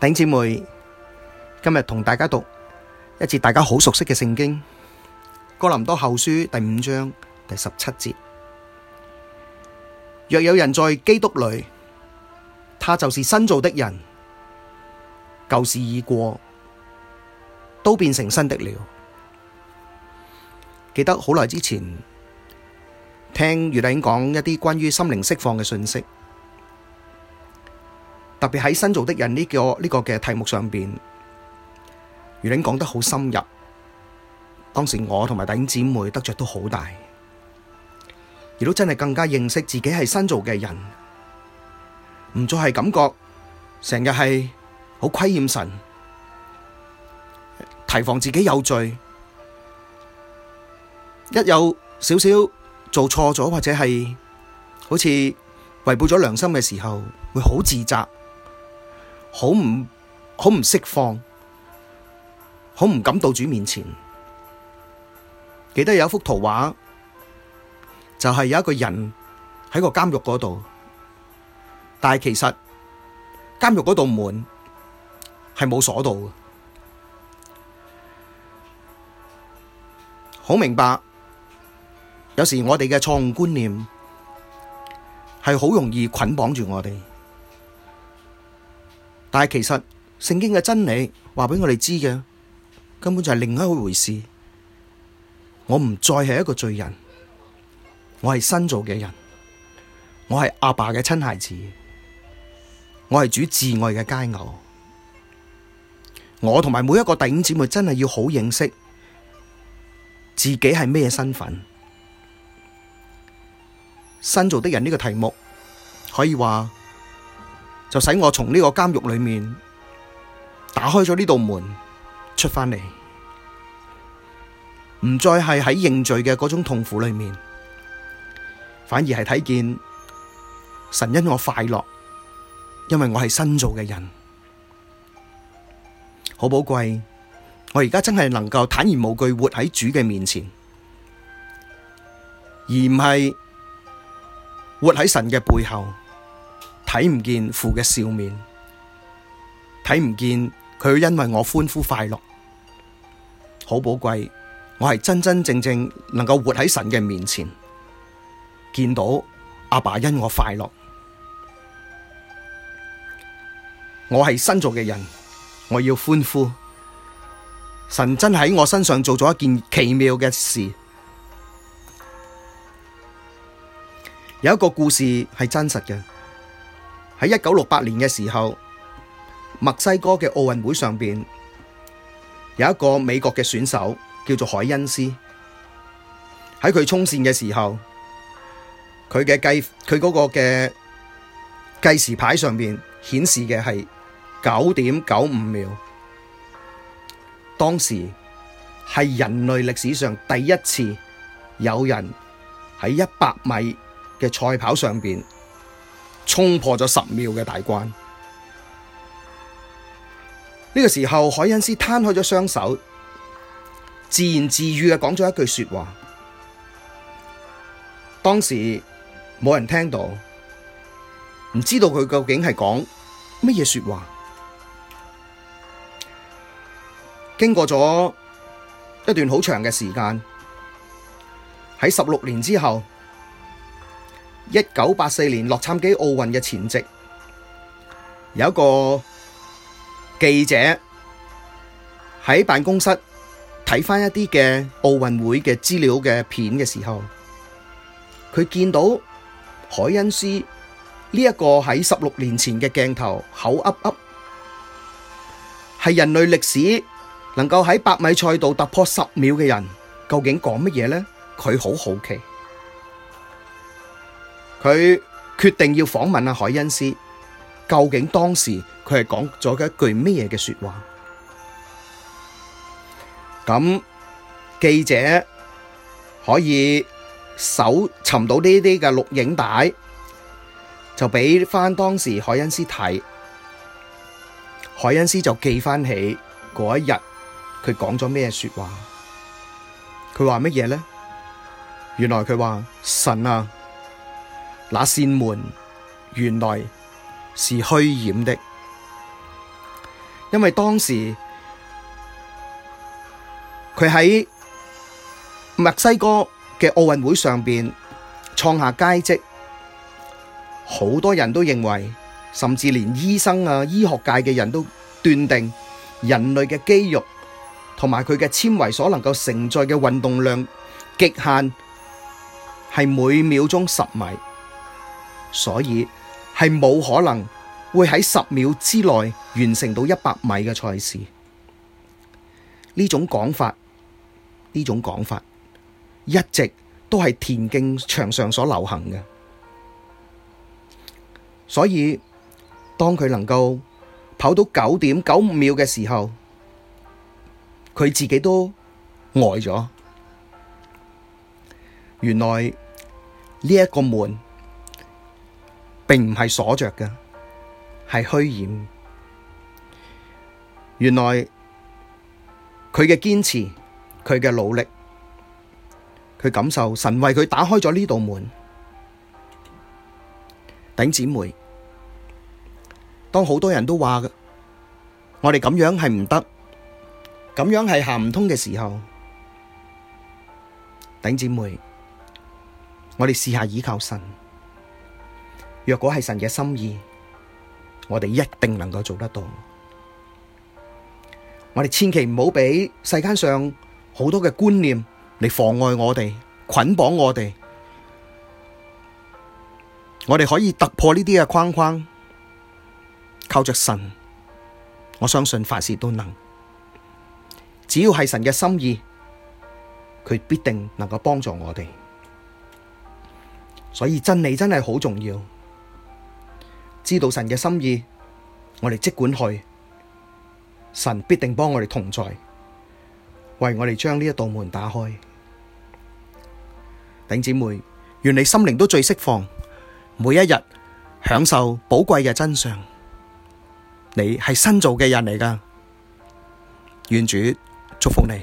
弟姐妹，今日同大家讀一節大家好熟悉嘅聖經《哥林多後書》第五章第十七節。若有人在基督裡，他就是新造的人，舊事已過，都變成新的了。記得好耐之前聽月玲講一啲關於心靈釋放嘅信息。特別喺新造的人呢個呢個嘅題目上邊，余領講得好深入。當時我同埋弟兄姊妹得着都好大，亦都真係更加認識自己係新造嘅人，唔再係感覺成日係好虧欠神，提防自己有罪，一有少少做錯咗或者係好似違背咗良心嘅時候，會好自責。好唔好唔釋放，好唔敢到主面前。記得有一幅圖畫，就係、是、有一個人喺個監獄嗰度，但係其實監獄嗰道門係冇鎖到嘅。好明白，有時我哋嘅錯誤觀念係好容易捆綁住我哋。但係其實聖經嘅真理話畀我哋知嘅，根本就係另一回事。我唔再係一個罪人，我係新造嘅人，我係阿爸嘅親孩子，我係主至愛嘅佳偶。我同埋每一個弟兄姊妹真係要好認識自己係咩身份。新造的人呢個題目可以話。就使我從呢個監獄裏面打開咗呢道門出翻嚟，唔再係喺認罪嘅嗰種痛苦裏面，反而係睇見神因我快樂，因為我係新造嘅人，好寶貴。我而家真係能夠坦然無懼活喺主嘅面前，而唔係活喺神嘅背後。睇唔見父嘅笑面，睇唔見佢因為我歡呼快樂，好寶貴。我係真真正正能夠活喺神嘅面前，見到阿爸因我快樂，我係新造嘅人，我要歡呼。神真喺我身上做咗一件奇妙嘅事。有一個故事係真實嘅。喺一九六八年嘅時候，墨西哥嘅奧運會上邊，有一個美國嘅選手叫做海恩斯，喺佢衝線嘅時候，佢嘅計佢嗰個嘅計時牌上邊顯示嘅係九點九五秒，當時係人類歷史上第一次有人喺一百米嘅賽跑上邊。衝破咗十秒嘅大關，呢個時候海恩斯攤開咗雙手，自言自語嘅講咗一句說話，當時冇人聽到，唔知道佢究竟係講乜嘢說話。經過咗一段好長嘅時間，喺十六年之後。一九八四年洛杉磯奧運嘅前夕，有一個記者喺辦公室睇返一啲嘅奧運會嘅資料嘅片嘅時候，佢見到海恩斯呢一個喺十六年前嘅鏡頭口噏噏，係人類歷史能夠喺百米賽道突破十秒嘅人，究竟講乜嘢呢？佢好好奇。佢決定要訪問阿、啊、海恩斯，究竟當時佢係講咗一句咩嘢嘅說話？咁記者可以搜尋到呢啲嘅錄影帶，就畀翻當時海恩斯睇。海恩斯就記翻起嗰一日佢講咗咩說話。佢話乜嘢咧？原來佢話神啊！那扇門原來是虛掩的。因為當時佢喺墨西哥嘅奧運會上面創下佳績，好多人都認為，甚至連醫生啊、醫學界嘅人都斷定，人類嘅肌肉同埋佢嘅纖維所能夠承載嘅運動量極限係每秒鐘十米。所以係冇可能會喺十秒之內完成到一百米嘅賽事。呢種講法，呢種講法一直都係田徑場上所流行嘅。所以當佢能夠跑到九點九五秒嘅時候，佢自己都呆咗。原來呢一個門。並唔係鎖着嘅，係虛掩。原來佢嘅堅持，佢嘅努力，佢感受，神為佢打開咗呢道門。頂姊妹，當好多人都話我哋咁樣係唔得，咁樣係行唔通嘅時候，頂姊妹，我哋試下倚靠神。若果係神嘅心意，我哋一定能夠做得到。我哋千祈唔好俾世間上好多嘅觀念嚟妨礙我哋、捆綁我哋。我哋可以突破呢啲嘅框框，靠着神，我相信凡事都能。只要係神嘅心意，佢必定能夠幫助我哋。所以真理真係好重要。知道神嘅心意，我哋即管去，神必定幫我哋同在，為我哋將呢一道門打開。頂姊妹，願你心靈都最釋放，每一日享受寶貴嘅真相。你係新造嘅人嚟噶，願主祝福你。